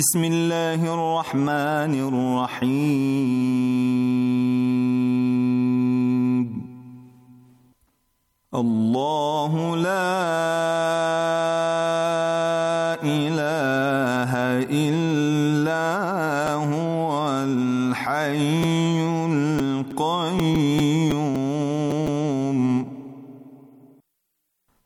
بسم الله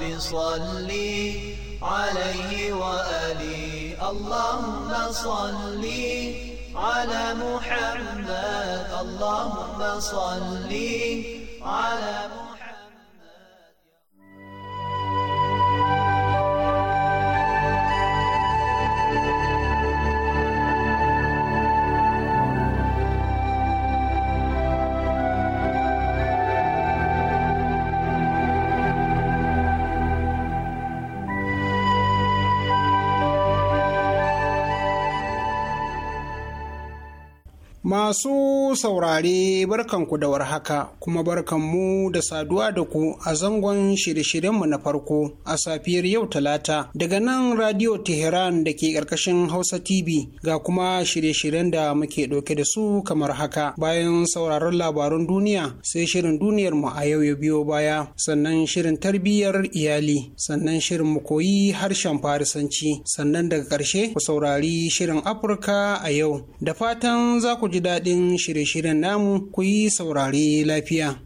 رب صلي عليه وآله اللهم صلي على محمد اللهم صلي على محمد su saurare barkanku da warhaka kuma barkanmu da saduwa da ku a zangon shirye-shiryenmu na farko a safiyar yau talata daga nan radio Tehran da ke ƙarƙashin Hausa TV ga kuma shirye-shiryen da muke ɗauke da su kamar haka bayan sauraron labarun duniya sai shirin duniyar mu a yau ya biyo baya sannan shirin tarbiyyar iyali sannan shirin mu koyi harshen farisanci sannan daga ƙarshe ku saurari shirin Afirka a yau da fatan za ku ji daɗin shirye da shirin namu ku yi saurare lafiya.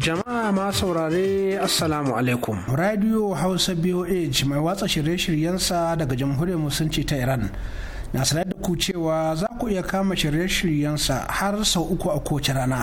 Jama'a ma saurare Assalamu alaikum. Radio Hausa BOH mai watsa shirye-shiryensa daga Jamhuriyar Musulunci ta Iran. Na sanar da ku cewa za ku iya kama shirye-shiryensa har sau uku a kowace rana.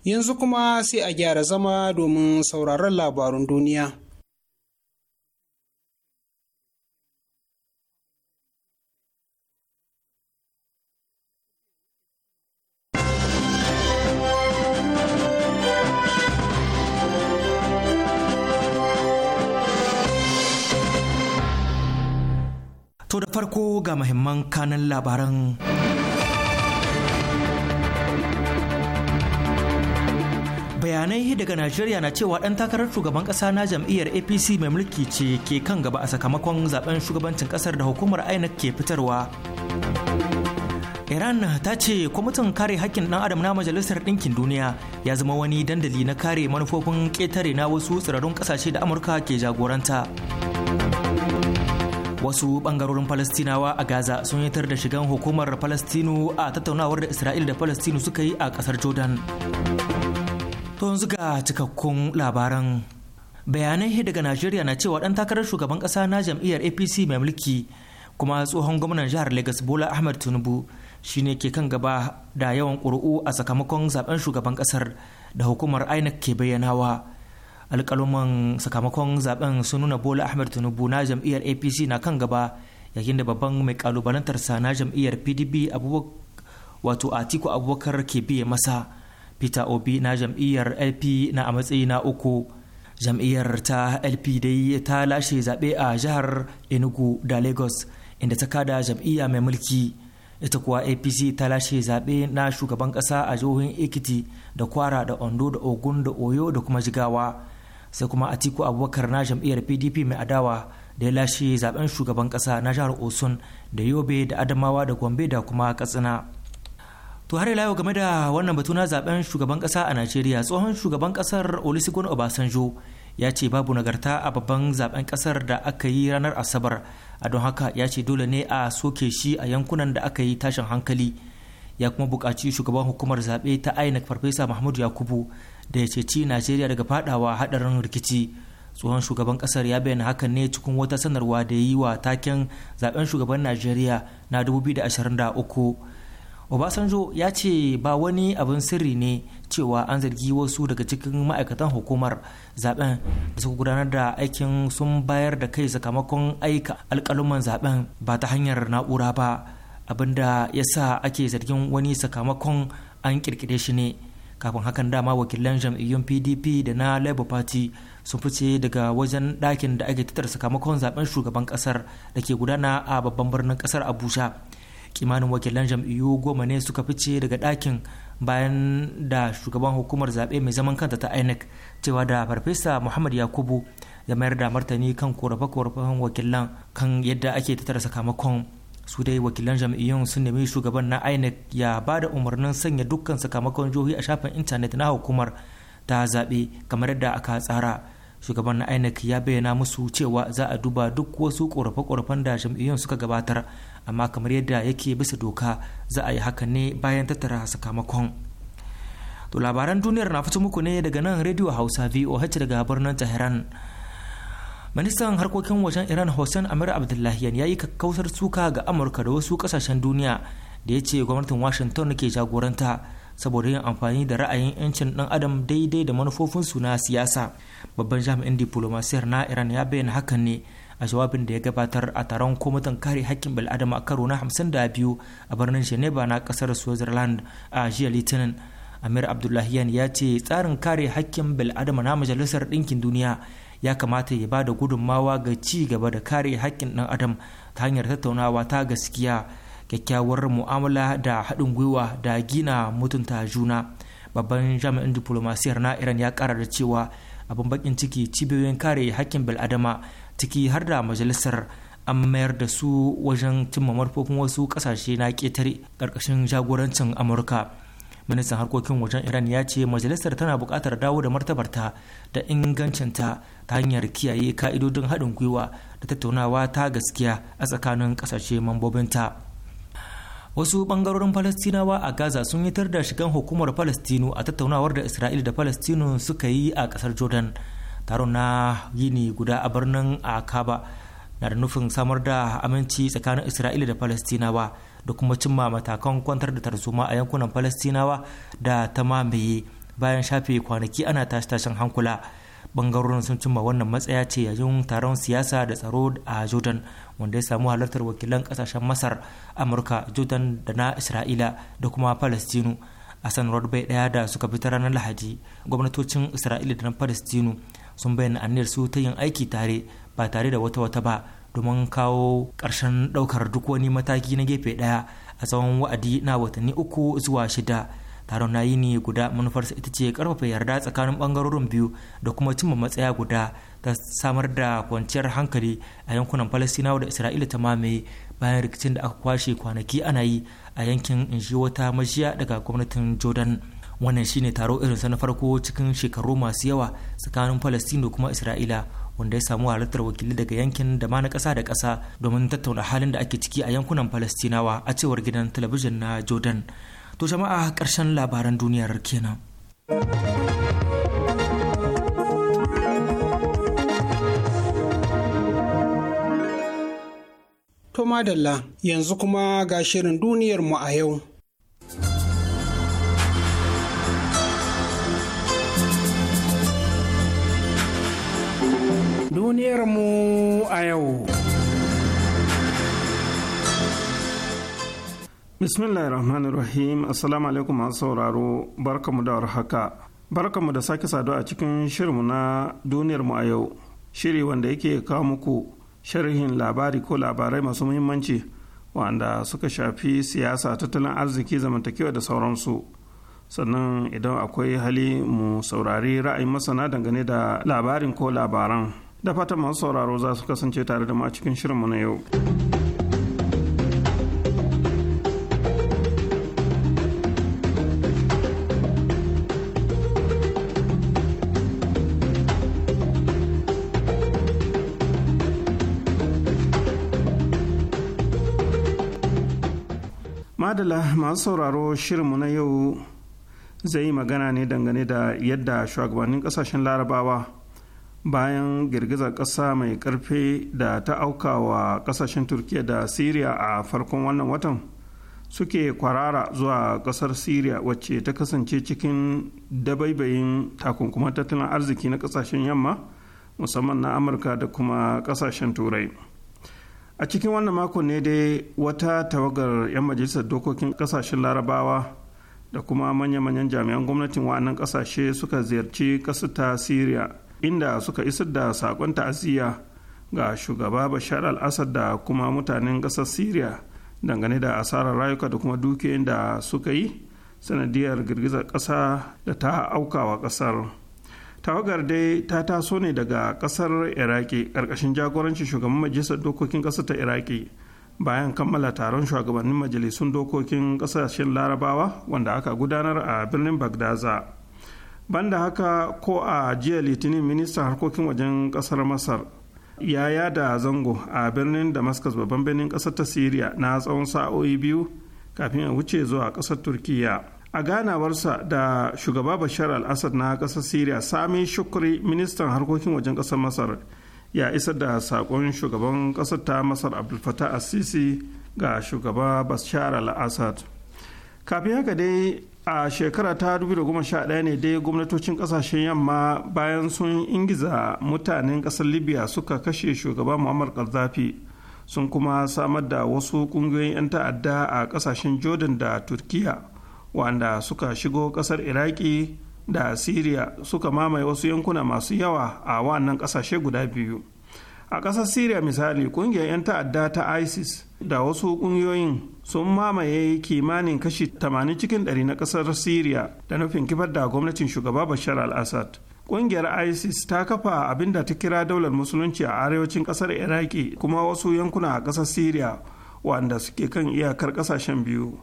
Yanzu kuma sai a gyara zama domin sauraron labarun duniya. To da farko ga mahimman kanan labaran. bayanai daga najeriya na cewa ɗan takarar shugaban ƙasa na jam'iyyar apc mai mulki ce ke kan gaba a sakamakon zaben shugabancin ƙasar da hukumar inec ke fitarwa iran ta ce kwamitin kare hakkin ɗan adam na majalisar ɗinkin duniya ya zama wani dandali na kare manufofin ƙetare na wasu tsirarun ƙasashe da amurka ke jagoranta wasu ɓangarorin falastinawa a gaza sun yatar da shigan hukumar falastinu a tattaunawar da isra'il da falastinu suka yi a ƙasar jordan To yanzu ga cikakkun labaran bayanai daga Najeriya na cewa ɗan takarar shugaban ƙasa na jam'iyyar APC mai mulki kuma tsohon gwamnan jihar Legas Bola Ahmed Tinubu shine ke kan gaba da yawan ƙuri'u a sakamakon zaben shugaban ƙasar da hukumar INEC ke bayyanawa. Alƙaluman sakamakon zaben sun nuna Bola Ahmed Tinubu na jam'iyyar APC na kan gaba yayin da babban mai kalubalantarsa na jam'iyyar PDP Abubakar wato Atiku Abubakar ke biye masa. peter obi na jam'iyyar lp na a matsayi na uku jam'iyyar ta lp dai ta lashe zaɓe a jihar enugu da lagos inda ta kada jam'iyya mai mulki ita kuwa apc ta lashe zaɓe na shugaban ƙasa a jihohin ekiti da kwara da ondo da ogun da oyo da kuma jigawa sai kuma atiku abubakar na jam'iyyar pdp mai adawa da ya lashe zaɓen shugaban ƙasa na jihar osun da yobe da adamawa da gombe da kuma katsina to har ila yau game da wannan batu na zaben shugaban kasa a najeriya tsohon shugaban kasar olusegun obasanjo ya ce babu nagarta a babban zaben kasar da aka yi ranar asabar a don haka ya ce dole ne a soke shi a yankunan da aka yi tashin hankali ya kuma bukaci shugaban hukumar zaɓe ta inec farfesa mahmud yakubu da ya ceci najeriya daga fadawa hadarin rikici tsohon shugaban kasar ya bayyana hakan ne cikin wata sanarwa da ya yi wa taken zaben shugaban najeriya na 2023 obasanjo ya ce ba wani abin sirri ne cewa an zargi wasu daga cikin ma'aikatan hukumar zaben da suka gudanar da aikin sun bayar da kai sakamakon aika alkaluman zaben ba ta hanyar na'ura ba abinda ya sa ake zargin wani sakamakon an kirkire shi ne kafin hakan dama wakilan jam'iyyun pdp da na labour party sun fice daga wajen dakin da ake tattara sakamakon zaben shugaban kasar da ke gudana a babban birnin kasar abuja kimanin wakilan jam'iyyu goma ne suka fice daga ɗakin bayan da shugaban hukumar zaɓe mai zaman kanta ta inec cewa da farfesa muhammad yakubu ya mayar da martani kan korafe-korafen wakilan kan yadda ake tattara sakamakon su dai wakilan jam'iyyun sun nemi shugaban na inec ya ba da umarnin sanya dukkan sakamakon jihohi a shafin intanet na hukumar ta zaɓe kamar yadda aka tsara shugaban na inec ya bayyana musu cewa za a duba duk wasu korafe-korafen da jam'iyyun suka gabatar amma kamar yadda yake bisa doka za a yi haka ne bayan tattara sakamakon to labaran duniyar na fito muku ne daga nan rediyo hausa voh daga birnin tehran ministan harkokin wajen iran hussein amir abdullahiyan ya yi kakkausar suka ga amurka da wasu kasashen duniya da ya ce gwamnatin washington ke jagoranta saboda yin amfani da ra'ayin 'yancin dan adam daidai da manufofinsu na siyasa babban jami'in diplomasiyar na iran ya bayyana hakan ne a jawabin da ya gabatar a taron kwamitin kare hakkin bil'adama a karo na 52 a birnin geneva na kasar switzerland a jiya litinin amir abdullahiyan ya ce tsarin kare hakkin bil'adama na majalisar ɗinkin duniya ya kamata ya ba da gudunmawa ga ci gaba da kare hakkin ɗan adam ta hanyar tattaunawa ta gaskiya kyakkyawar mu'amala da haɗin gwiwa da gina mutunta juna babban jami'in diplomasiyar na iran ya kara da cewa abin bakin ciki cibiyoyin kare hakkin bil'adama ciki har da majalisar an mayar da su wajen cimma manufofin wasu kasashe na ketare karkashin jagorancin amurka ministan harkokin wajen iran ya ce majalisar tana bukatar dawo da martabarta da ingancinta ta hanyar kiyaye ka'idodin haɗin gwiwa da tattaunawa ta gaskiya a tsakanin ƙasashe mambobinta wasu ɓangarorin palestinawa a gaza sun yitar da shigan hukumar falastinu a tattaunawar da isra'il da falastinu suka yi a ƙasar jordan taron na yini guda a birnin akaba na da nufin samar da aminci tsakanin isra'ila da palestinawa da kuma cimma matakan kwantar da tarzoma a yankunan palestinawa da ta mamaye bayan shafe kwanaki ana tashe-tashen hankula bangarorin sun cimma wannan matsaya ce yayin taron siyasa da tsaro a jordan wanda ya samu halartar wakilan kasashen masar amurka jordan da na isra'ila da kuma palestinu a sanarwar bai daya da suka fitar ranar lahadi gwamnatocin isra'ila da na palestinu sun bayyana aniyar su ta yin aiki tare ba tare da wata wata ba domin kawo karshen ɗaukar duk wani mataki na gefe ɗaya a tsawon wa'adi na watanni uku zuwa shida taron na yi ne guda manufarsa ita ce karfafa yarda tsakanin bangarorin biyu da kuma cimma matsaya guda ta samar da kwanciyar hankali a yankunan falastinawa da isra'ila ta mamaye bayan rikicin da aka kwashe kwanaki ana yi a yankin inji wata majiya daga gwamnatin jordan wannan shine taro irinsa na farko cikin shekaru masu yawa tsakanin da kuma isra'ila wanda ya samu halartar wakili daga yankin da ma na ƙasa da ƙasa domin tattauna halin da ake ciki a yankunan palestinawa a cewar gidan talabijin na jordan to jama'a ƙarshen labaran duniyar kenan To madalla yanzu kuma ga shirin duniyar mu a yau. duniyar mu a yau. Bismillahirrahmanirrahim Assalamu alaikum masu sauraro barkamu da warhaka. Barkamu da sake saduwa a cikin shirinmu na duniyarmu a yau. Shiri wanda yake kawo muku sharhin labari ko labarai masu muhimmanci wanda suka shafi siyasa tattalin arziki zamantakewa da sauransu. Sannan idan akwai hali mu saurari ra'ayin masana dangane da labarin ko labaran. da fatan masu sauraro za su kasance tare da mu a cikin shirinmu na yau. Madala masu sauraro shirinmu na yau zai yi magana ne dangane da yadda shugabannin kasashen larabawa bayan girgizar ƙasa mai ƙarfi da ta auka wa ƙasashen turkiya da syria a farkon wannan watan suke kwarara zuwa ƙasar syria wacce ta kasance cikin dabaibayin takunkuman tattalin arziki na ƙasashen yamma musamman na amurka da kuma ƙasashen turai a cikin wannan makon ne dai wata tawagar 'yan majalisar dokokin ƙasashen larabawa da kuma manya-manyan jami'an gwamnatin wa'annan ƙasashe suka ziyarci ƙasar ta syria inda suka isar da saƙon ta'aziyya ga shugaba bashar al-assad da kuma mutanen ƙasar syria dangane da asarar rayuka da kuma dukiyoyin da suka yi sanadiyar girgizar ƙasa da ta aukawa ƙasar tawagar dai ta taso ne daga ƙasar iraki ƙarƙashin jagorancin shugaban majalisar dokokin ƙasar ta iraki bayan kammala taron shugabannin majalisun dokokin ƙasashen larabawa wanda aka gudanar a birnin bagdaza banda haka ko a jiya litinin ministan harkokin wajen kasar masar ya yada zango a birnin damascus babban birnin kasar ta syria na tsawon sa'o'i biyu kafin ya wuce zuwa kasar turkiya a ganawarsa da shugaba bashar al-assad na kasar syria sami shukri ministan harkokin wajen kasar masar ya isar da saƙon shugaban kasar ta masar abdulfatah assisi ga shugaba bashar al-assad kafin haka dai a shekara ta 2011 ne dai gwamnatocin kasashen yamma bayan sun ingiza mutanen kasar libya suka kashe shugaba muammar gaddafi sun kuma samar da wasu kungiyoyin 'yan ta'adda a kasashen jordan da turkiya wanda suka shigo kasar iraki da syria suka mamaye wasu yankuna masu yawa a wannan kasashe guda biyu a kasar syria misali kungiyar 'yan ta'adda ta isis da wasu ƙungiyoyin sun mamaye kimanin kashi 80 cikin 100 na ƙasar syria da nufin kifar da gwamnatin shugaba bashar al-assad ƙungiyar isis ta kafa abin da ta kira daular musulunci a arewacin ƙasar iraki kuma wasu yankuna a ƙasar syria wanda suke kan iyakar ƙasashen biyu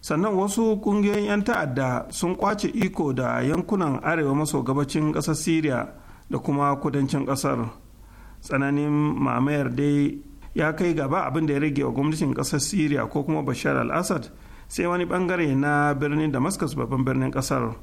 sannan wasu ƙungiyoyin 'yan ta'adda sun kwace iko da yankunan arewa maso gabacin ƙasar syria da kuma kudancin ƙasar tsananin mamayar dai ya kai gaba abin da ya rage wa gwamnatin kasar syria ko kuma bashar al-assad sai wani bangare na birnin damascus babban birnin kasar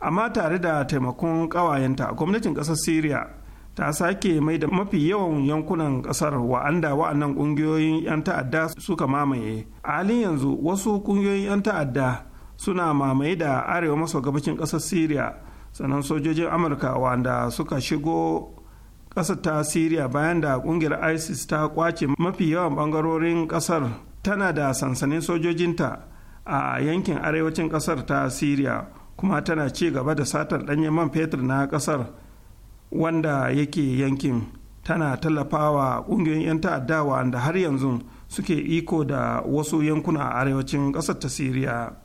amma tare da taimakon kawayenta gwamnatin kasar syria ta sake mai da mafi yawan yankunan kasar wa'anda wa'annan kungiyoyin 'yan ta'adda suka mamaye a halin yanzu wasu kungiyoyin 'yan ta'adda suna mamaye da arewa maso gabashin kasar syria sannan sojojin amurka wanda suka shigo ƙasar ta Siriya bayan da ƙungiyar ISIS ta kwace mafi yawan bangarorin ƙasar tana da sansanin sojojinta a yankin arewacin ƙasar ta Siriya kuma tana ci gaba da satar ɗanyen man fetur na ƙasar wanda yake yankin tana tallafawa ƙungiyoyin 'yan ta'adda wanda har yanzu suke iko da wasu yankuna a arewacin ƙasar ta Siriya.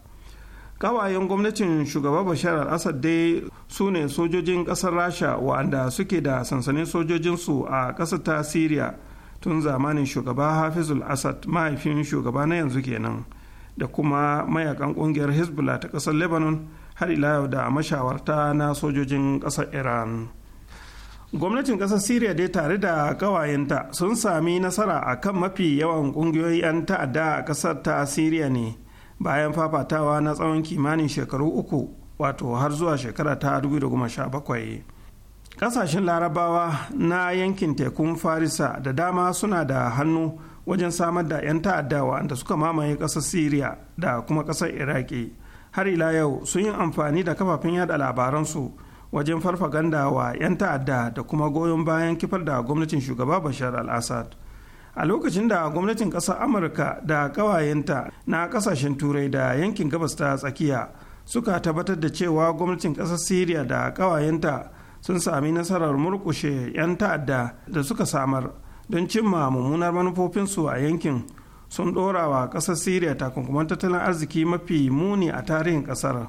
kawayen gwamnatin shugaba bashar al-assad dai su ne sojojin kasar rasha wanda suke da sansanin sojojinsu a ƙasar ta syria tun zamanin shugaba hafizul assad mahaifin shugaba na yanzu kenan da kuma mayakan kungiyar hezbollah ta kasar lebanon har ila yau da mashawarta na sojojin ƙasar iran gwamnatin ƙasar syria dai tare da kawayenta sun sami nasara a kan mafi yawan kungiyoyi 'yan ta'adda a ƙasar ta syria ne bayan fafatawa na tsawon kimanin shekaru uku wato har zuwa shekara ta 2017 kasashen larabawa na yankin tekun farisa da dama suna da hannu wajen samar da 'yan ta'adda wanda suka mamaye ƙasar syria da kuma ƙasar iraki har ila yau sun yi amfani da kafafen yada labaransu wajen farfaganda wa 'yan ta'adda da kuma goyon bayan kifar da gwamnatin shugaba bashar al-assad a lokacin da gwamnatin ƙasar amurka da ƙawayenta na ƙasashen turai da yankin gabas ta tsakiya suka tabbatar da cewa gwamnatin ƙasar syria da ƙawayenta sun sami nasarar murkushe 'yan ta'adda da suka samar don cimma mummunar manufofinsu a yankin sun ɗora wa ƙasar syria takunkuman tattalin arziki mafi muni a tarihin ƙasar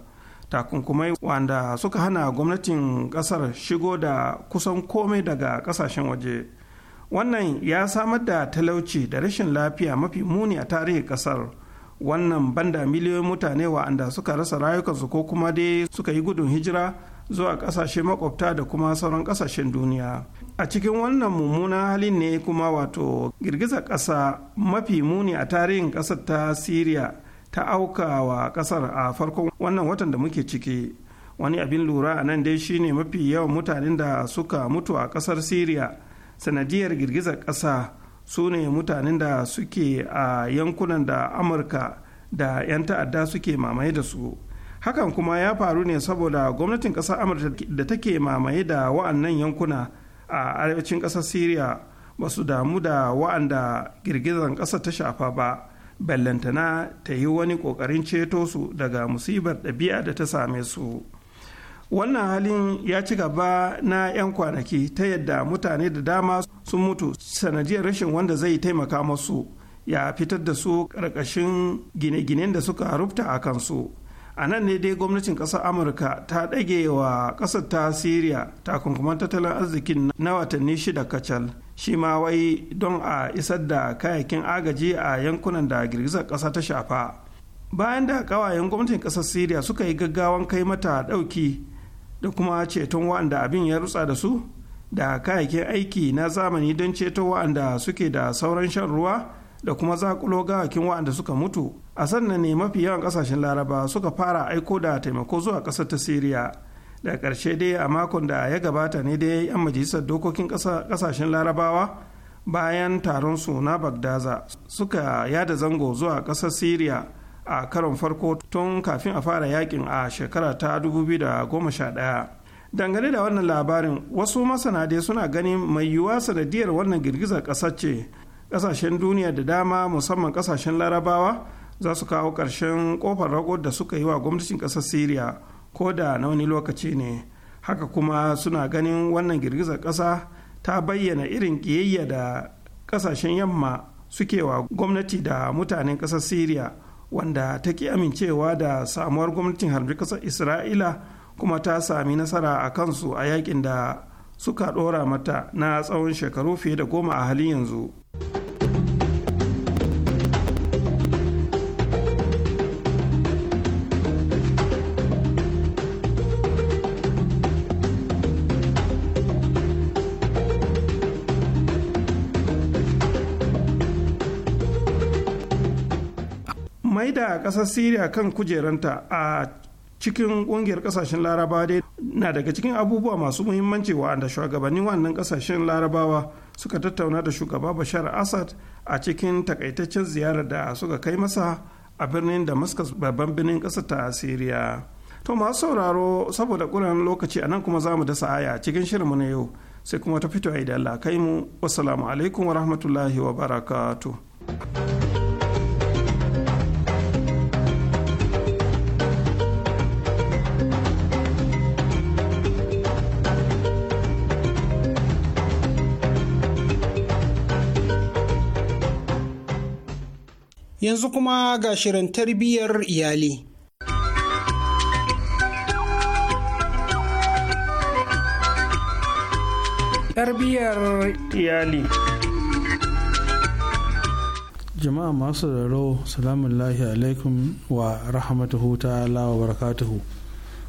takunkumai wanda suka hana gwamnatin ƙasar shigo da kusan komai daga ƙasashen waje. wannan ya samar da talauci da rashin lafiya mafi muni a tarihin kasar wannan banda miliyoyin mutane wa'anda suka rasa rayukansu ko kuma dai suka yi gudun hijira zuwa kasashe makwabta da kuma sauran kasashen duniya a cikin wannan mummunan halin ne kuma wato girgizar ƙasa mafi muni a tarihin ƙasar ta syria ta auka wa ƙasar a farkon wannan watan da muke ciki wani abin lura a nan dai shine mafi yawan mutanen da suka mutu a ƙasar syria sanadiyar girgizar ƙasa su ne mutanen da suke a yankunan da amurka da 'yan ta'adda suke mamaye da su hakan kuma ya faru ne saboda gwamnatin ƙasar amurka da take mamaye da wa'annan yankuna a arewacin ƙasar syria ba su damu da wa'anda girgizar ƙasa ta shafa ba ballantana ta yi wani ƙoƙarin ceto su daga musibar ɗabi'a da ta same su. wannan halin ya ci gaba na 'yan kwanaki ta yadda mutane da dama sun mutu sanadiyar rashin wanda zai taimaka masu ya fitar da su ƙarƙashin gine-ginen da suka rufta a kansu a nan ne dai gwamnatin ƙasar amurka ta ɗage wa ƙasar ta siriya takunkuman tattalin arzikin na watanni shida kacal shi ma wai don a isar da kayayyakin agaji a yankunan da girgizar ƙasa ta shafa bayan da ƙawayen gwamnatin ƙasar siriya suka yi gaggawan kai mata ɗauki da kuma ceton wa'anda abin ya rutsa da su da kayayyakin aiki na zamani don ceto wa'anda suke da sauran shan ruwa da kuma zakulo gawakin wa'anda suka mutu a sannan ne mafi yawan kasashen laraba suka fara aiko da taimako zuwa ƙasar ta siriya da karshe dai a makon da ya gabata ne dai yan majalisar dokokin ƙasashen larabawa bayan taron su na bagdaza suka yada zango zuwa ƙasar siriya a karon farko tun kafin a fara yakin a shekara ta 2011 dangane da wannan labarin wasu masana dai suna ganin mai yiwuwa sanadiyar wannan girgizar ƙasar ce ƙasashen duniya da dama musamman ƙasashen larabawa za su kawo ƙarshen ƙofar rago da suka yi wa gwamnatin ƙasar syria ko da na wani lokaci ne haka kuma suna ganin wannan girgizar ƙasa ta bayyana irin ƙiyayya da ƙasashen yamma suke wa gwamnati da mutanen ƙasar syria wanda ta ki amincewa da samuwar gwamnatin harbin ƙasar isra'ila kuma ta sami nasara a kansu a yakin da suka ɗora mata na tsawon shekaru fiye da goma a halin yanzu a ƙasar siriya kan kujeranta a cikin ƙungiyar ƙasashen larabawa dai na daga cikin abubuwa masu muhimmanci wa'anda shugabannin wannan ƙasashen larabawa suka tattauna da shugaba bashar assad a cikin takaitaccen ziyarar da suka kai masa a birnin da damascus babban birnin ƙasar ta siriya to masu sauraro saboda ƙuran lokaci a nan kuma za mu dasa aya cikin shirinmu na yau sai kuma ta fito idan Allah kai mu wassalamu alaikum wa rahmatullahi wa barakatuh Yanzu kuma ga shirin tarbiyyar iyali. Tarbiyyar iyali. Jama'a masu raro salamun lahi alaikum wa rahmatuhu ta wa barakatuhu.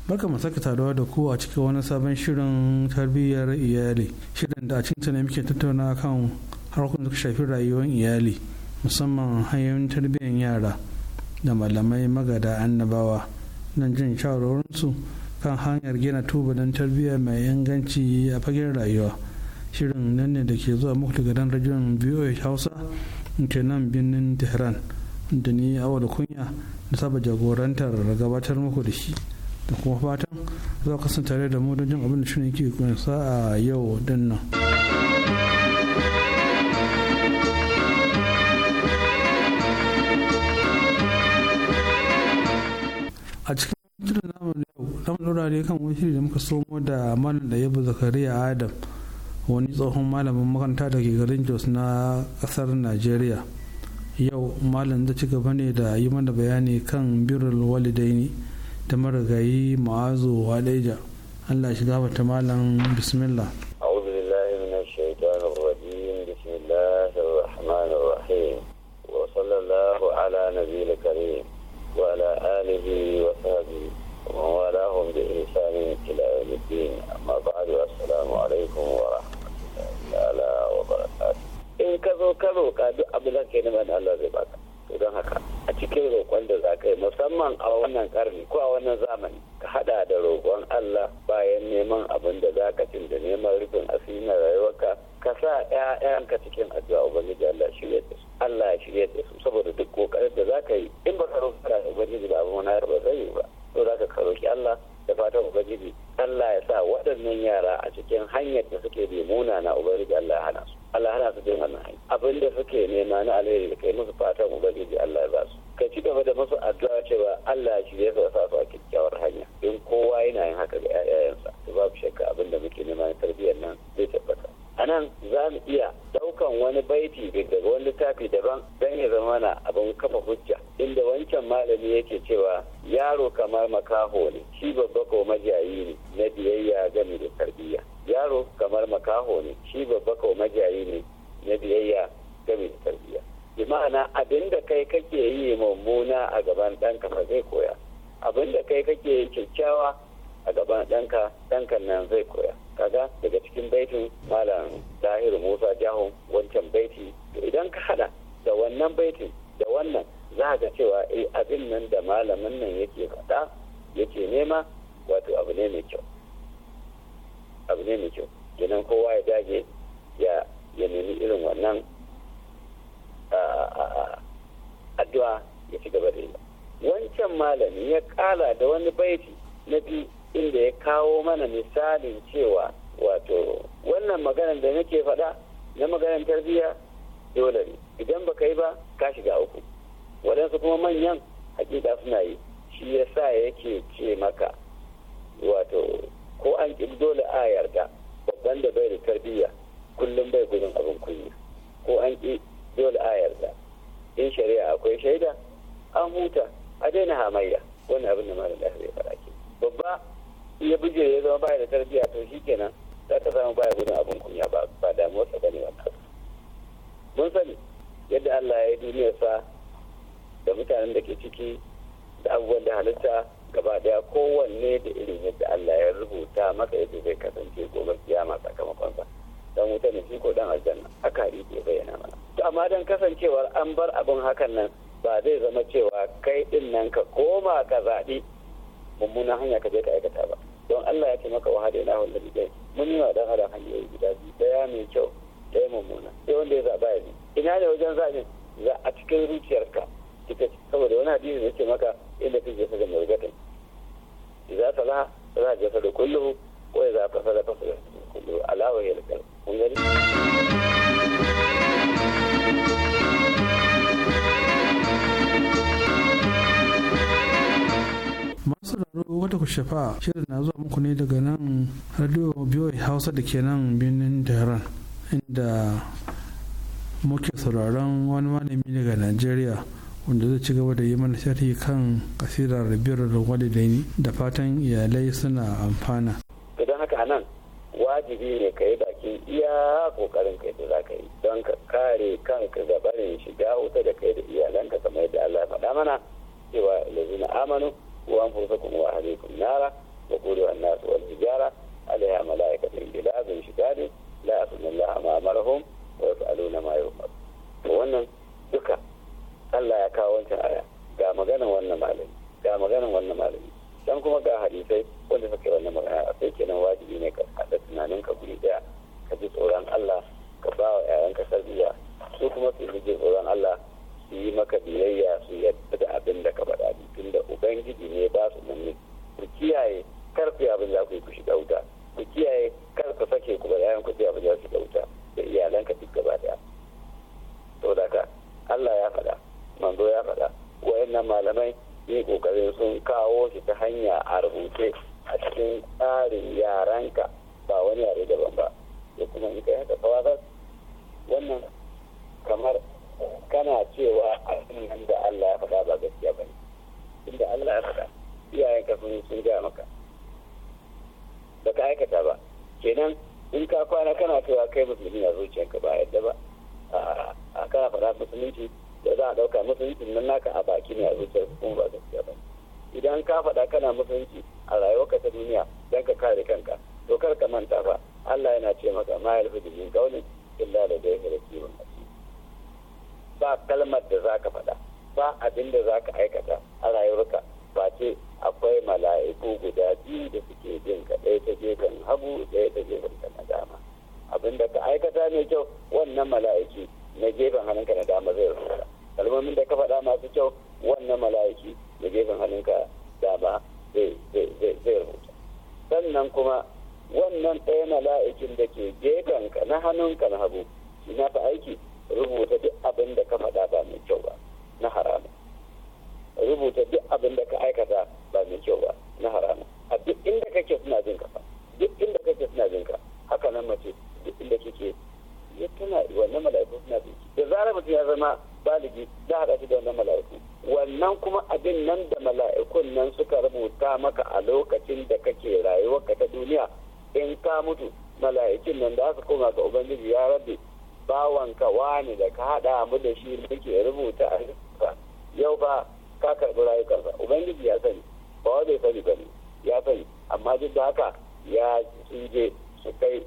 barka mu saka taruwa da ku a cikin wani sabon shirin tarbiyyar iyali shirin da a cikin ne muke tattauna kan harkokin da shafi rayuwar iyali musamman hanyoyin tarbiyyar yara da malamai magada annabawa don jin shawarorinsu kan hanyar gina don tarbiyya mai inganci a fagen rayuwa shirin nan ne da ke zuwa muku daga dan rajon voa hausa ke nan birnin tehran da ni awa da kunya da saba jagorantar gabatar muku da shi da kuma fatan za kasance tare da mu don jin abin da shi ne ke kunsa a yau dinnan. a cikin mutum namu yau dan dora ne kan wani shiri da muka somo da malam da yabu zakariya adam wani tsohon malamin makaranta da ke garin jos na kasar nigeria yau malam da ci gaba ne da yi mana bayani kan birul walidaini da marigayi ma'azu waleja allah shiga wata malam bismillah وصلى الله على نبينا الكريم وعلى آله وصحبه الدين أما بعد والسلام عليكم ورحمة الله تعالى وبركاته in ka zo ka roƙa duk abu za ka yi neman Allah zai baka to don haka a cikin roƙon da za ka yi musamman a wannan karni ko a wannan zamani ka hada da roƙon Allah bayan neman abin da za ka cin da neman rufin asiri na rayuwarka ka sa ƴaƴanka cikin addu'a ubangiji Allah shirye da su Allah ya shirye da su saboda duk kokarin da za ka yi in ba ka roƙa ubangiji ba abin wani ba zai yi ba to za ka roƙi Allah da fatan ubangiji Allah ya sa waɗannan yara a cikin hanyar da suke bi muna na ubangiji Allah ya hana su Allah hana su bin wannan hanya abin da suke nema na alheri da kai musu fatan ubangiji Allah ya ba su ka ci gaba da musu addu'a cewa Allah ya su sa su a kyakkyawar hanya in kowa yana yin haka ga 'ya'yansa babu shakka abin da muke nema na tarbiyyar nan zai tabbata a nan za mu iya daukan wani baiti daga wani littafi daban don ya zama na abin kafa hujja inda wancan malami yake cewa yaro kamar makaho ne shi babba ko majayi ne na biyayya gami da tarbiyya yaro kamar makaho ne shi babba ko majayi ne na biyayya gami da tarbiyya bi ma'ana abin da kai kake yi mummuna a gaban ɗanka fa zai koya abin da kai kake kyakkyawa a gaban ɗanka ɗankan nan zai koya kaga daga cikin baitin malam lahiru musa jahun wancan baiti to idan ka hada da wannan baitin da wannan za ka cewa eh abin nan da malamin nan yake faɗa yake nema wato abu ne mai kyau abu ne mai kyau idan kowa ya dage ya ya nemi irin wannan addu'a ya ci gaba da yi wancan malami ya kala da wani baiti na biyu inda ya kawo mana misalin cewa wato wannan maganar da nake faɗa na maganar tarbiyya dole ne idan baka yi ba ka shiga uku waɗansu kuma manyan hakika suna yi shi ya sa yake ce maka wato ko an ƙi dole a yarda babban da bai da tarbiyya kullum bai gudun abin kunya ko an ƙi dole a yarda in shari'a akwai shaida an huta a daina hamayya wani abin da malam da ya faɗa ke babba ya buje ya zama baya da tarbiyya to shi kenan za ka samu baya gudun abin kunya ba ba damuwarsa ba ne mun sani yadda Allah ya yi sa da mutanen da ke ciki da abubuwan da halitta gaba daya kowanne da irin yadda Allah ya rubuta maka yadda zai kasance gobe kiyama sa dan wuta ne shi ko dan aljanna haka ne ke bayyana mana to amma dan kasancewar an bar abin hakan nan ba zai zama cewa kai din nan ka koma ka zaɓi mummunan hanya ka je ka aikata ba don Allah ya taimaka wa hade na wanda bigai mun yi wa dan adam hanyoyi guda biyu daya mai kyau daya mummuna sai wanda ya zaba ya bi ina ne wajen zaɓin za a cikin zuciyarka ita saboda wani hadisi ne yake maka inda ka jefa da za idza la za jefa da kullu ko idza fasada da kullu alawa yalkal kun gani masu sauraro wata ku shafa shirin na zuwa muku ne daga nan radio biyoyi hausa da ke nan birnin tehran inda muke sauraron wani malami daga najeriya wanda zai ci gaba da yi mana sharhi kan kasirar rabiyar walidai da fatan iyalai suna amfana idan haka nan wajibi ne ka yi bakin iya kokarin kai da za ka yi don ka kare kanka ga barin shiga wuta da kai da iyalanka kamar da Allah faɗa mana cewa lazina amanu وانفسكم وأهليكم نارا وقودها الناس والحجارة عليها ملائكة غلاظ شداد لا يعصون الله ما امرهم ويفعلون ما يؤمر وانا دكا الله يا kawo ايا ga maganin wannan malami ga maganin wannan malami dan kuma ga hadisai wanda suke wannan magana a sai kenan wajibi ne ka haɗa tunanin ka guri daya ka ji tsoron Allah ka ba wa yayan ka sabiya su kuma su ji tsoron Allah su yi maka biyayya su yadda da abin da ka faɗa tun da ubangiji ne ba su nan ku kiyaye kar ku abin da ku yi ku shiga wuta ku kiyaye kar ku sake ku yan ku abin da su shiga wuta da ka duk gaba daya da ka Allah ya faɗa manzo ya faɗa wayannan malamai ne kokarin sun kawo shi ta hanya a rubuce a cikin tsarin yaranka ba wani yare daban ba ya kuma in kai haka kawazar wannan kamar kana cewa a nan da Allah ya faɗa ba gaskiya ba ne inda Allah ya faɗa iyayen ka sun sun gaya maka ba ka aikata ba kenan in ka kwana kana cewa kai musulmi na zuciyarka ba yadda ba a kana faɗa musulunci da za a ɗauka musulunci nan naka a baki ne a zuciyar kuma ba gaskiya ba idan ka faɗa kana musulunci a rayuwarka ta duniya don ka kare kanka to kar ka manta ba Allah yana ce maka ma yalfi da jin kaunin illa da zai da kiwon ba kalmar da za ka faɗa ba abin da za ka aikata a rayuwarka ba ce akwai mala'iku guda biyu da suke jin ka ɗaya ta gefen hagu ɗaya ta gefen ka na dama abin da ka aikata mai kyau wannan mala'iki na gefen ka na dama zai rubuta kalmomin da ka faɗa masu kyau wannan mala'iki na gefen hannun ka dama zai rubuta sannan kuma wannan ɗaya mala'ikin da ke gefen ka na ka na hagu shi na fa aiki rubuta duk abin da ka faɗa ba mai kyau ba na harama rubuta duk abin da ka aikata ba mai kyau ba na harama a duk inda kake suna jin ka duk inda kake suna jin ka haka nan mace duk inda kike ya tana wannan mala'iku suna jin da zarar mutum ya zama baligi za a shi da wannan mala'iku wannan kuma abin nan da mala'ikun nan suka rubuta maka a lokacin da kake rayuwarka ta duniya in ka mutu mala'ikin nan da su koma ga ubangiji ya rabe bawanka wani da ka haɗa mu da shi muke rubuta a rubuta yau ba ka karɓi rayukansa ubangiji ya sani ba wa bai sani ba ne ya sani amma duk da haka ya tsinje su kai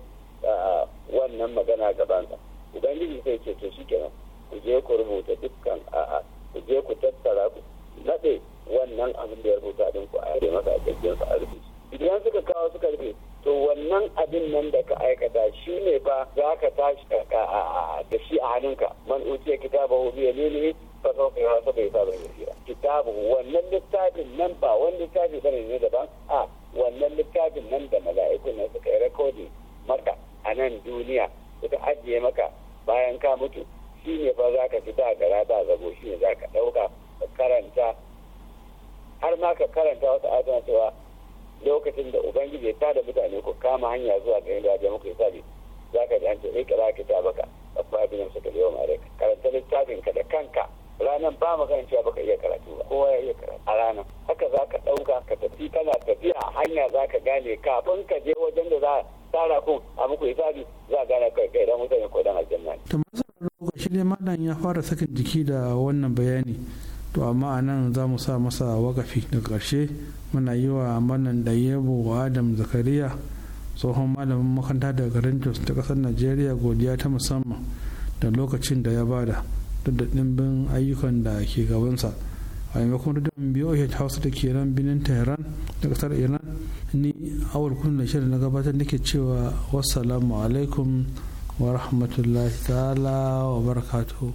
wannan magana gabansa ubangiji sai ce to shikenan ku je ku rubuta dukkan a'a ku je ku tattara ku naɗe wannan abin da ya rubuta ɗin ku a yi masa a ƙirjinsa a rubuta idan suka kawo suka rufe to wannan abin nan da ka aikata shi ne ba za ka tashi da shi a hannunka man uce kitaba hu biya ne ba sau kai wasu bai saba ba. kitabu wannan littafin nan ba wani littafi bane ne daban a wannan littafin nan da mala'iku ne suka yi rekodin maka a nan duniya suka ajiye maka bayan ka mutu shi ne ba za ka fita gara ba zago shi ne za ka ɗauka ka karanta har ma ka karanta wasu adana cewa lokacin da ubangiji ya tada mutane ku kama hanya zuwa ga inda ya muku hisabi za ka ji an ce ikra kitabaka akwai abin da suka yau mare karanta littafin ka da kanka ranar ba mu cewa baka iya karatu ba kowa ya iya karatu a ranar haka za ka ɗauka ka tafi kana tafiya hanya za ka gane kafin ka je wajen da za a tsara kun a muku hisabi za a gane kai kai dan mutane ko dan aljanna ne. to masu lokaci dai madan ya fara sakin jiki da wannan bayani to amma a nan za mu sa masa wakafi daga ƙarshe muna yi wa manan da yabo adam zakariya tsohon malamin makaranta daga garin jos ta kasar najeriya godiya ta musamman da lokacin da ya bada duk da ɗimbin ayyukan da ke gabansa a biyu rudin biyo hausa da ke nan binin tehran da kasar iran ni awal kun da shirin na gabatar nake cewa wassalamu alaikum wa rahmatullahi ta'ala wa barakatuhu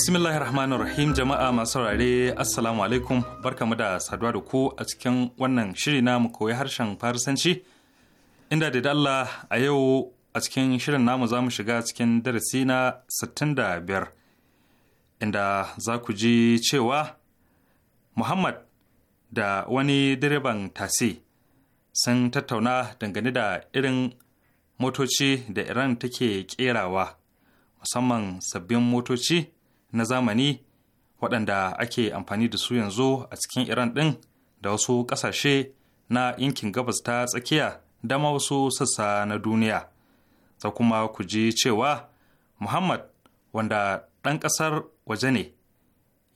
bismillahirrahmanirrahim jama'a masu saurare Assalamu alaikum barkamu da saduwa da ku a cikin wannan shiri na koyi harshen Farisanci inda da Allah a yau a cikin shirin namu za mu shiga cikin darasi na 65 inda za ku ji cewa Muhammad da wani direban tasi sun tattauna dangane da irin motoci da Iran take kerawa musamman sabbin motoci na zamani waɗanda ake amfani da su yanzu a cikin Iran ɗin da wasu ƙasashe na yankin gabas ta tsakiya da ma wasu sassa na duniya. Za kuma ku ji cewa Muhammad wanda ɗan ƙasar waje ne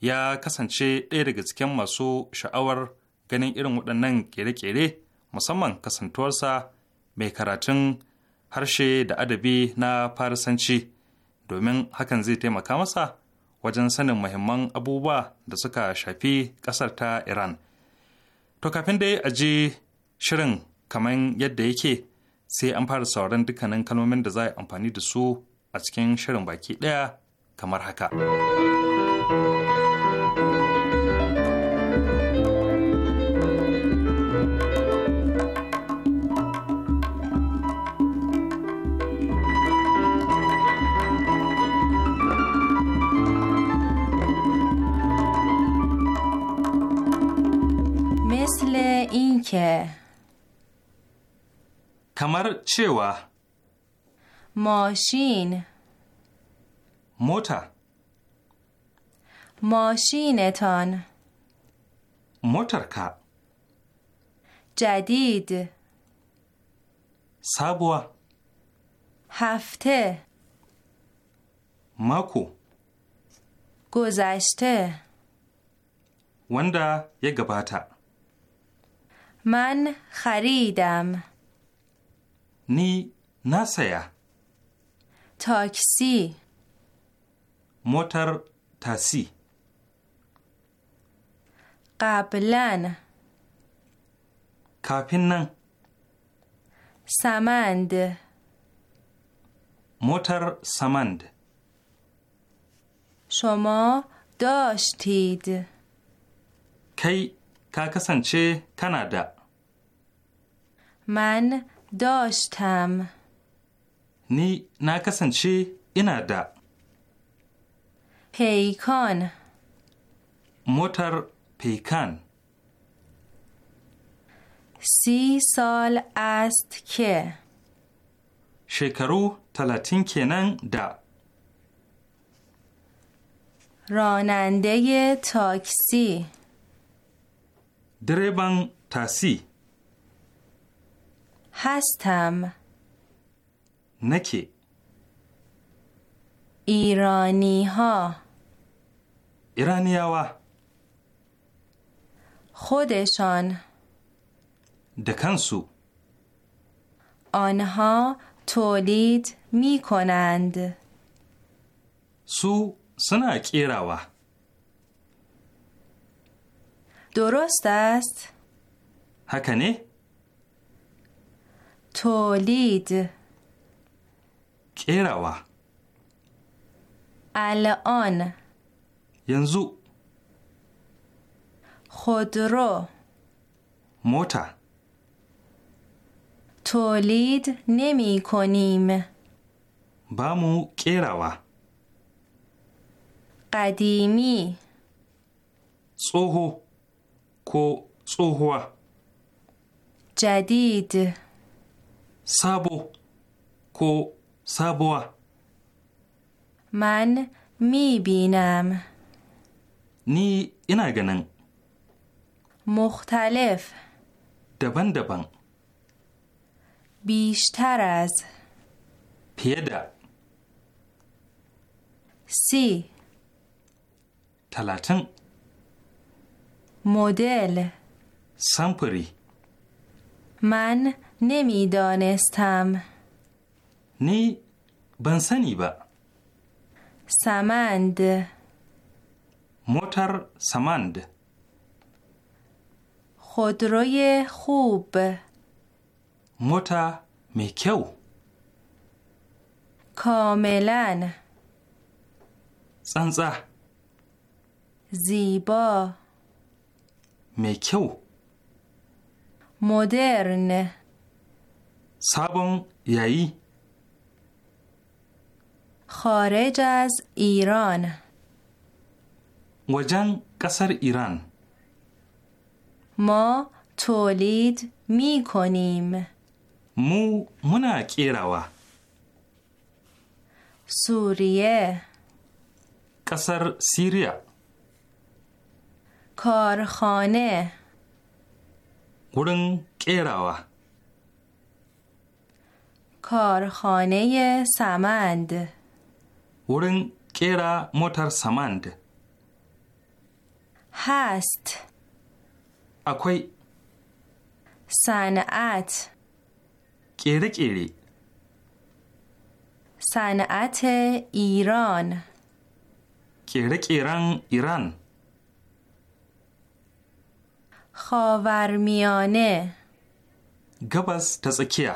ya kasance ɗaya daga cikin masu sha'awar ganin irin waɗannan ƙere-ƙere musamman kasantuwarsa mai karatun harshe da adabi na farisanci domin hakan zai taimaka masa wajen sanin muhimman abubuwa da suka shafi ƙasar ta Iran. To kafin dai a ji shirin kamar yadda yake sai an fara sauran dukkanin kalmomin da za a yi amfani da su a cikin shirin baki ɗaya kamar haka. kamar cewa Moshin mota Moshineton motarka jadid sabuwa hafte mako گذشته Wanda ya gabata. من خریدم نی نسیا تاکسی موتر تاسی قبلا کپین سمند موتر سمند شما داشتید کی کاکسنچه کانادا من داشتم نی نکسن چی؟ اینا دا پیکان موتر پیکان سی سال است که شکرو تلاتین کنن دا راننده تاکسی دربان تاسی هستم نکی ایرانی ها ایرانی ها خودشان سو آنها تولید می کنند سو سنا و درست است هکنه تولید و الان ینزو خودرو موتا تولید نمی کنیم بامو و قدیمی صوهو کو صوهوا جدید sabo ko sabuwa. Man mi binam. Ni ina ganin. Mukhtalif. Daban-daban. Bishtaraz. Fiye da. Si. Talatin. Model. Samfuri. Man. نمیدانستم نی بنسنی با سمند موتر سمند خودروی خوب موتا میکو کاملا سنزا زیبا میکو مدرن سابون یایی خارج از ایران وجن قصر ایران ما تولید می کنیم مو منا کیراوا سوریه قصر سیریا کارخانه گرن کیراوا کارخانه سمند ورن کیرا موتر سمند هست اکوی صنعت کیره کیره صنعت ایران کیره ایران ایران خاورمیانه گبس تسکیه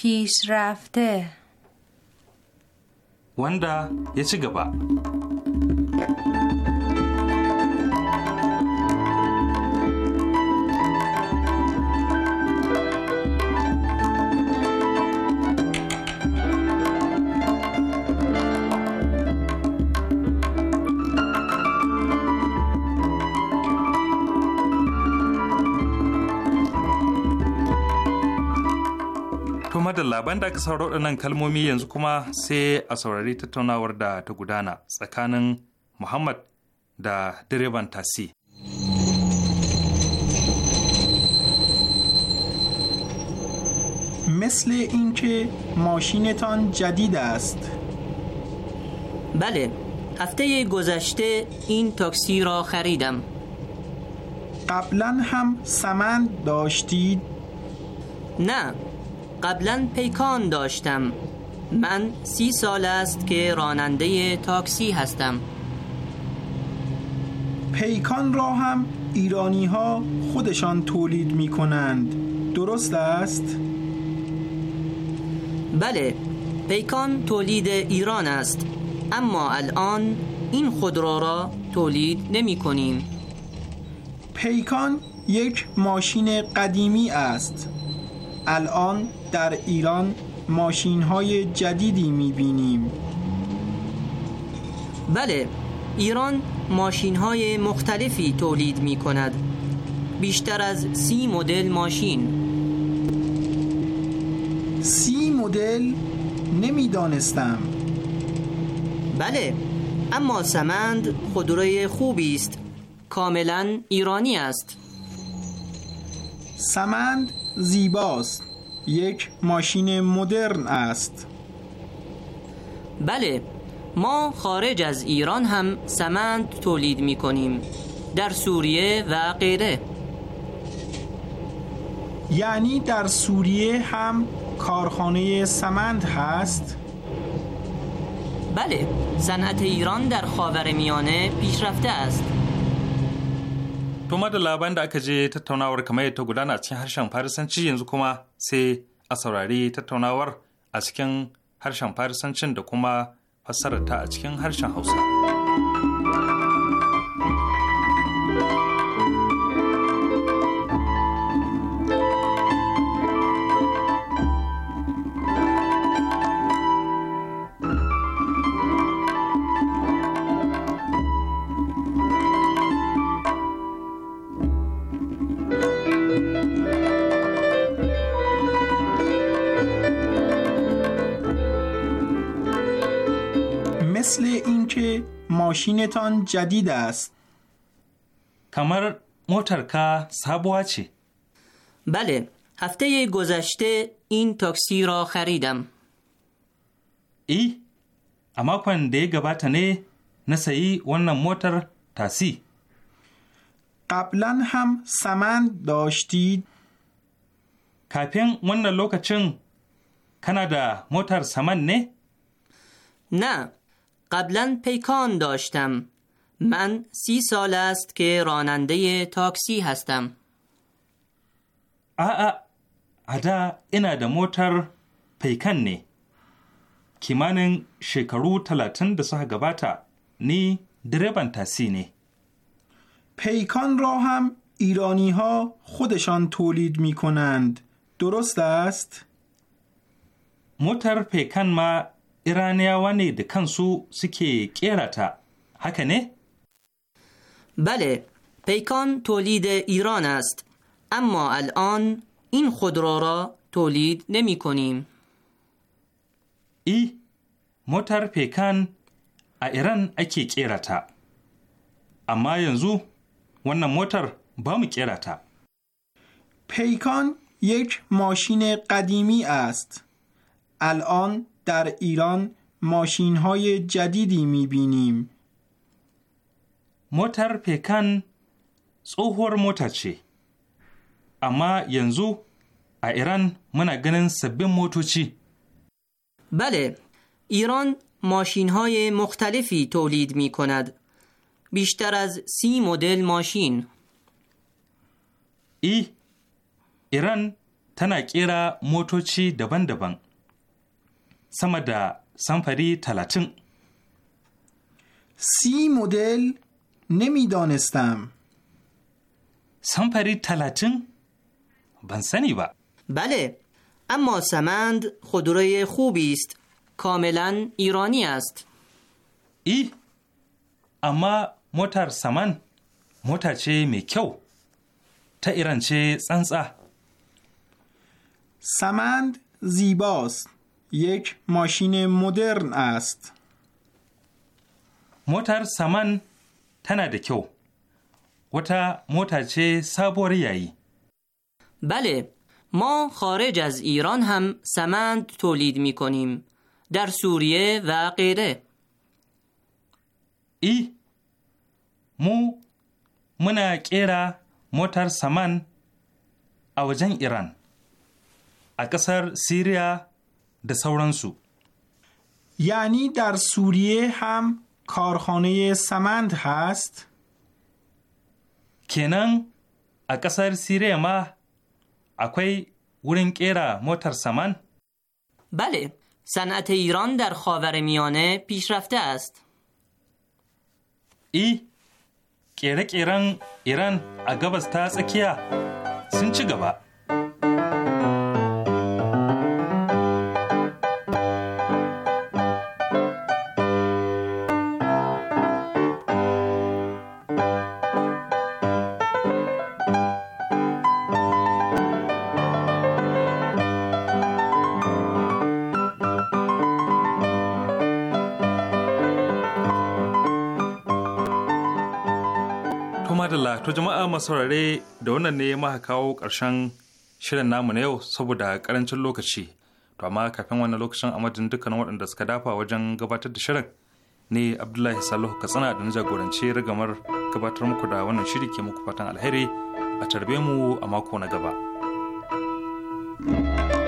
Peace Wanda, ya ci gaba. To madalla da ka sauraro nan kalmomi yanzu kuma sai a saurari tattaunawar da ta gudana tsakanin Muhammad da direban tasi. مثل اینکه ماشینتان جدید است بله هفته گذشته این تاکسی را خریدم قبلا هم سمن داشتید؟ نه قبلا پیکان داشتم من سی سال است که راننده تاکسی هستم پیکان را هم ایرانی ها خودشان تولید می کنند درست است؟ بله پیکان تولید ایران است اما الان این خودرو را تولید نمی کنیم پیکان یک ماشین قدیمی است الان در ایران ماشین های جدیدی میبینیم بله ایران ماشین های مختلفی تولید می کند بیشتر از سی مدل ماشین سی مدل نمیدانستم بله اما سمند خودروی خوبی است کاملا ایرانی است سمند زیباست یک ماشین مدرن است بله ما خارج از ایران هم سمند تولید می کنیم در سوریه و غیره یعنی در سوریه هم کارخانه سمند هست؟ بله صنعت ایران در خاور میانه پیشرفته است To da bayan da aka je tattaunawar kamar yadda ta gudana a cikin harshen Farisanci yanzu kuma sai a saurari tattaunawar a cikin harshen Farisancin da kuma fassararta a cikin harshen Hausa. ماشینتان جدید است کمر موتر کا سابوا چه بله هفته گذشته این تاکسی را خریدم ای اما کنده گبات نه نسایی ون موتر تاسی قبلا هم سمن داشتید کپین ون لوکچن کانادا موتر سمن نه نه قبلا پیکان داشتم من سی سال است که راننده تاکسی هستم آها، ادا اینا د موتر پیکن نی کیمانن kimanin تلاتن talatin da suka نی ni direban پیکان را هم ایرانی ها خودشان تولید می کنند درست است؟ موتر پیکان ما ایرانیاوا نه ده کنسو سکه بله پیکان تولید ایران است اما الان این خود را تولید نمی کنیم ای موتر پیکان ایران اکی اما ینزو wannan موتر با mu پیکان یک ماشین قدیمی است. الان در ایران ماشین های جدیدی می بینیم موتر پیکن موتا اما اما ایران ا ایران منا بله ایران ماشین های مختلفی تولید می کند بیشتر از سی مدل ماشین ای ایران تنا کیرا موتوچی دبن دبن sama da samfari talatin. سی مدل نمیدانستم سامپری تلاتن بنسنی با بله اما سمند خودروی خوبی است کاملا ایرانی است ای اما موتر سمن موتر چه میکیو تا ایران چه سنسه سمند زیباست یک ماشین مدرن است. موتر سمن تنه کیو. و تا موتر چه یایی بله ما خارج از ایران هم سمند تولید می کنیم در سوریه و غیره ای مو منا کیرا موتر سمن او جن ایران a ده سوران سو یعنی در سوریه هم کارخانه سمند هست کنن اکثر سیره ما اکوی ورنگ ایرا موتر سمند بله صنعت ایران در خاور میانه پیشرفته است ای کرک ایران ایران اگه بستاز اکیا سنچه گوه saurare da wannan ne maka kawo ƙarshen shirin namu na yau saboda ƙarancin lokaci. To amma kafin wannan lokacin a madadin waɗanda suka dafa wajen gabatar da shirin ne Abdullahi Salihu Katsina da na jagoranci rigamar gabatar muku da wannan shiri ke muku fatan alheri a tarbe mu a mako na gaba. thank you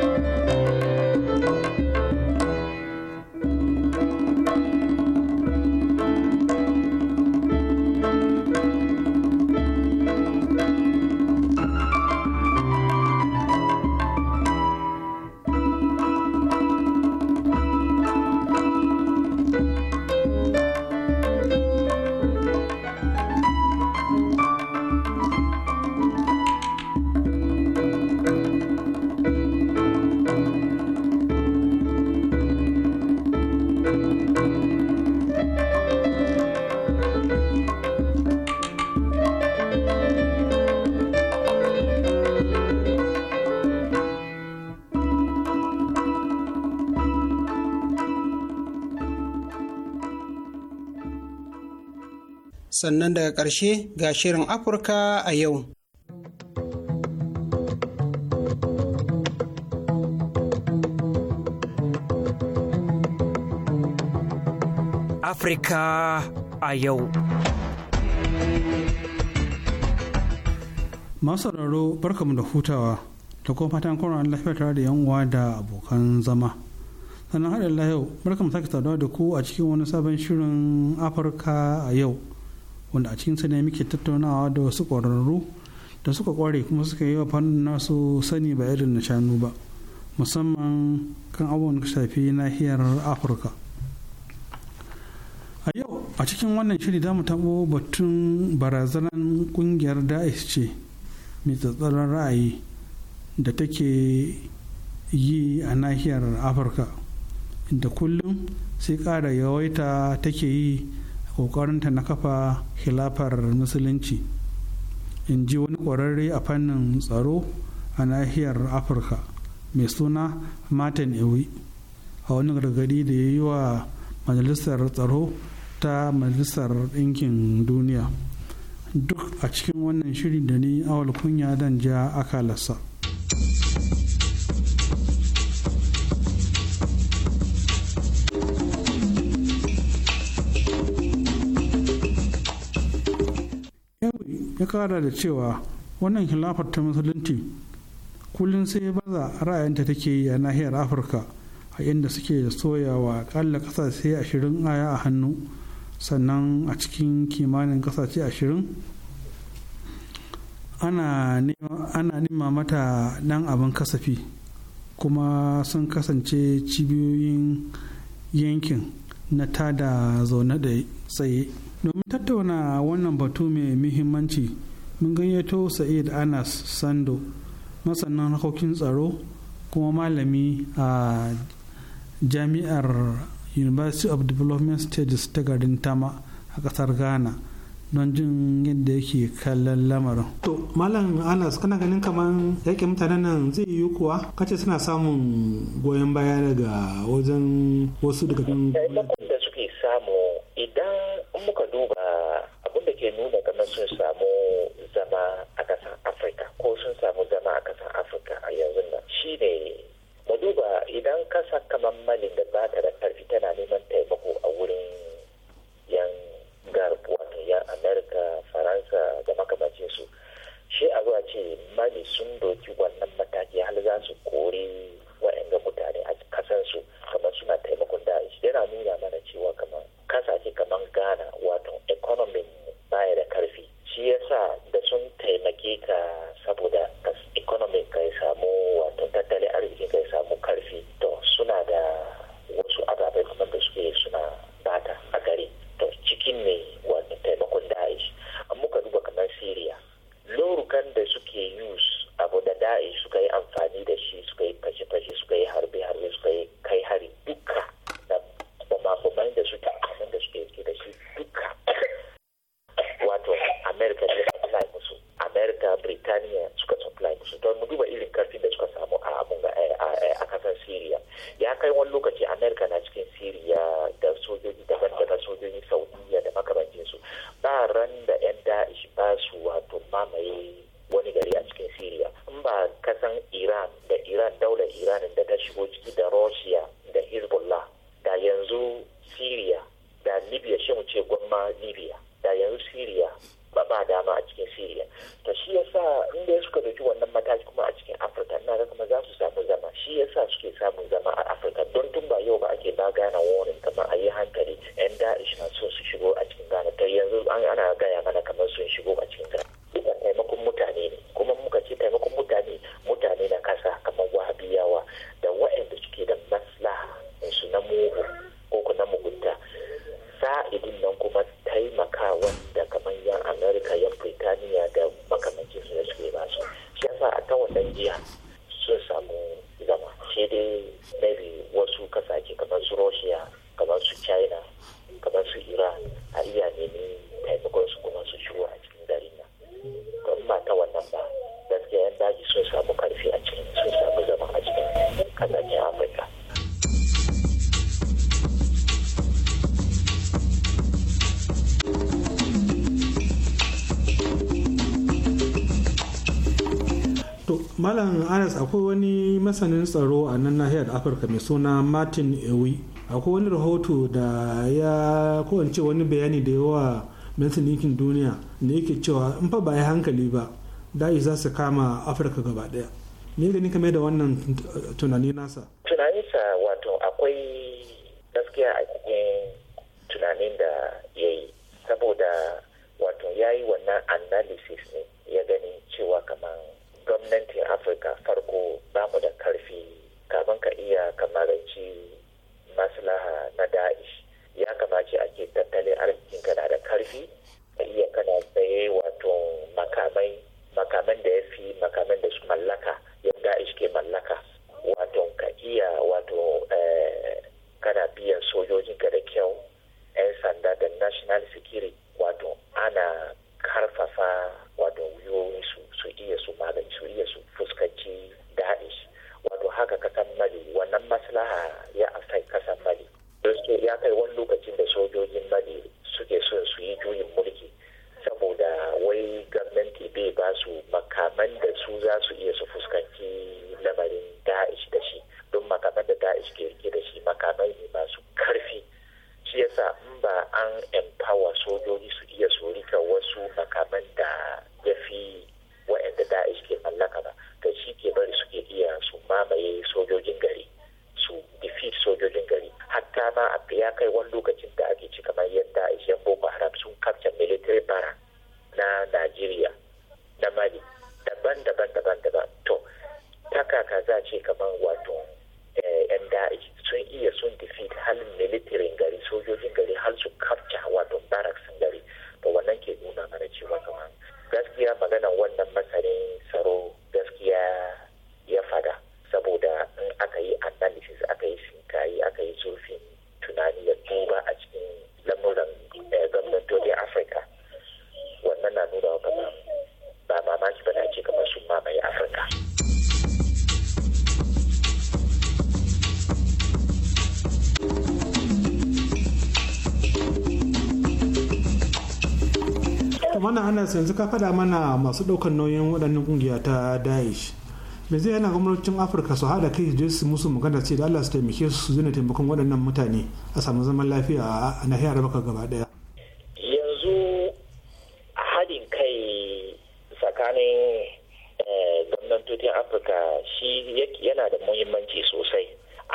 sannan daga ƙarshe ga shirin Afirka a yau. Afirka a yau. Masu sauraro barkamu da hutawa ta kuma fatan kwanan lafiya tare da yanwa da abokan zama. Sannan haɗin yau barkamu sake saduwa da ku a cikin wani sabon shirin Afirka a yau. wanda a cikinsa ne muke tattaunawa da wasu ƙwararru da suka ƙware kuma suka yi wa fannin nasu sani ba irin na shanu ba musamman kan abubuwan da shafi nahiyar afirka a yau a cikin wannan shiri za mu tabo batun barazanar kungiyar da'ish ce mai tsatsarar ra'ayi da take yi a nahiyar afirka inda kullum sai ƙara yawaita take yi kokarinta na kafa khilafar musulunci in ji wani ƙwararre a fannin tsaro a nahiyar afirka mai suna martin ewi a wani gargadi da ya yi wa majalisar tsaro ta majalisar ɗinkin duniya duk a cikin wannan shiri da ni awal kunya dan ja akalarsa. ya kara da cewa wannan khilafar ta musulunci kullum sai baza ra'ayinta take yi a nahiyar afirka a inda suke soyawa akalla kasashe ashirin aya a hannu sannan a cikin kimanin kasashe ashirin ana nima mata dan abin kasafi kuma sun kasance cibiyoyin yankin na tada zaune da tsaye domin tattauna wannan batu mai muhimmanci mun gayyato sa'id anas sando masanan harkokin tsaro kuma malami a jami'ar university of development studies ta garin tama a kasar ghana don jin yadda yake kallon lamarin. To, Malam Anas, kana ganin kamar yake mutanen nan zai yi kuwa? Kace suna samun goyon baya daga wajen wasu daga da suke samu idan muka duba abin da ke nuna kamar sun samu zama a ƙasar afirka ko sun samu zama a ƙasar afirka a yanzu nan ne mu duba idan kasa kamar mali da ba ta da ƙarfi tana neman taimako a wurin yan garbu wato yan amerika faransa da makamacin su shi a zuwa ce mali sun doki wannan mataki hal za su kori ga mutane a su kamar suna taimakon da yana nuna mana cewa kamar kasashe kamar ghana wato economy baya da karfi shi yasa da sun taimake ka saboda economy ka ya samu wato tattalin arziki ka samu karfi to suna da wasu ababai kuma da suke suna bata a gari to cikin ne wato taimakon da'ish an muka duba kamar syria lorukan da suke use abu da da'i suka yi amfani da shi suka yi fashe-fashe suka yi harbe-harbe suka yi kai hari duka da bamakomai da suka wato america ta supply musu amerika britania suka supply musu don mu duba irin karfin da suka samu a abun a kasar syria ya kai wani lokaci amerika na cikin syria da sojoji daban-daban sojoji saudiya da makamancinsu ba ran da masanin tsaro a nan nahiyar afirka mai suna martin ewi akwai wani rahoto da ya kowance wani bayani da yawa mintin ɗinkin duniya da yake cewa in fa ba ya hankali ba da'i za su kama afirka gaba ɗaya me gani kame da wannan tunani nasa tunaninsa wato akwai gaskiya a cikin tunanin da ya yi saboda wato ya yi wannan analysis ne ya gani cewa kamar gwamnatin afirka farko ba da karfi kafin ka iya kamaranci maslaha na da'ish ya kamace ake tattalin arzikin kana da karfi mana ana yanzu ka faɗa mana masu ɗaukar nauyin waɗannan kungiya ta daesh me zai yana gwamnatin afirka su haɗa kai je su musu magana ce da allah su taimake su zina taimakon waɗannan mutane a samu zaman lafiya a nahiyar baka gaba ɗaya yanzu haɗin kai tsakanin eh, gwamnatocin afirka shi yana da muhimmanci sosai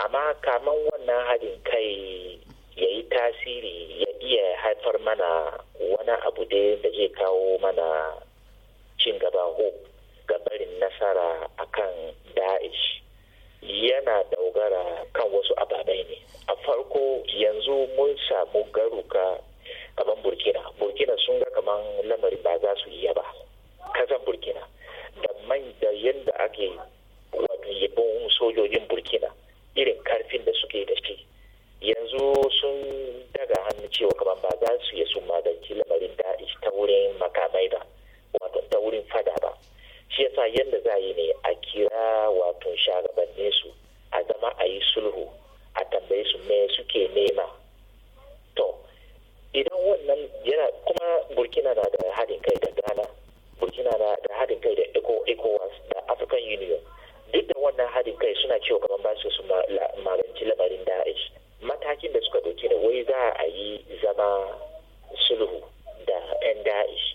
amma kaman wannan haɗin kai ya yi tasiri ya iya haifar mana wani abu dai da zai kawo mana cin gaba ko ga barin nasara kan da'ish yana daugara kan wasu ababai ne a farko yanzu mun samu garuka kamar burkina burkina sun ga kaman lamarin ba za su iya ba kasan burkina da man da yadda ake wato yabon sojojin burkina irin karfin da suke da shi yanzu sun daga hannu cewa kamar ba za su yi sun lamarin da'ish ta wurin makamai ba wato ta wurin fada ba shi yasa yadda za yi ne a kira wato shagabannin su a zama a yi sulhu a tambaye su me suke nema to idan wannan yana kuma burkina na da haɗin kai da ghana burkina na da haɗin kai da ecowas da african union duk da wannan haɗin kai suna cewa kamar ba su maganci lamarin da'ish matakin da suka dauke da wai za a yi zama sulhu da 'yan da'ish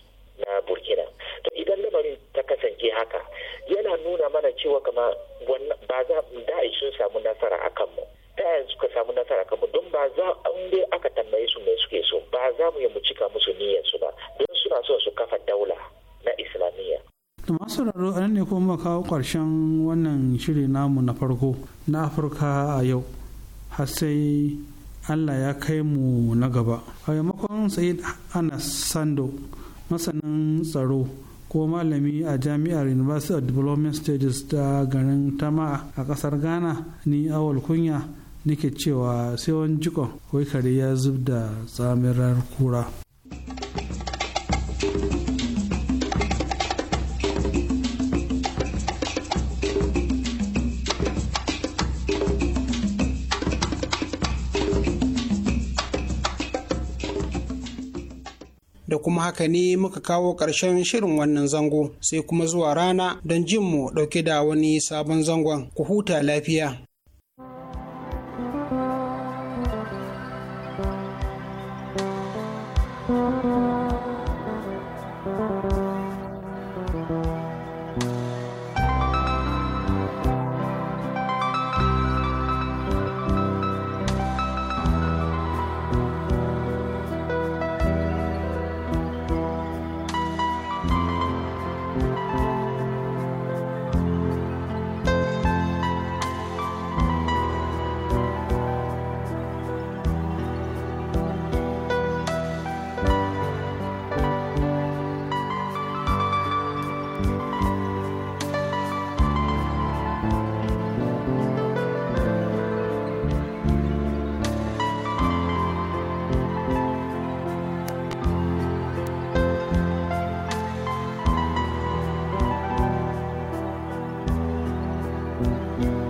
na burkina to idan lamarin ta kasance haka yana nuna mana cewa kama ba za da'ish sun samu nasara a kanmu ta yaya suka samu nasara kanmu don ba za an dai aka tambaye su mai suke so ba za mu yi mu cika musu niyyarsu ba don suna so su kafa daula na islamiyya da masu sauraro a nan ne kuma kawo ƙarshen wannan shiri namu na farko na afirka a yau har sai allah ya kai mu na gaba a maimakon Said anas sando masanin tsaro ko malami a jami'ar university of development stages ta garin tama a kasar ghana ni awal kunya nake cewa sai wani jikon wai kare ya zub da tsamirar kura haka ne muka kawo ƙarshen shirin wannan zango sai kuma zuwa rana don jin mu ɗauke da wani sabon zangon ku huta lafiya Thank you.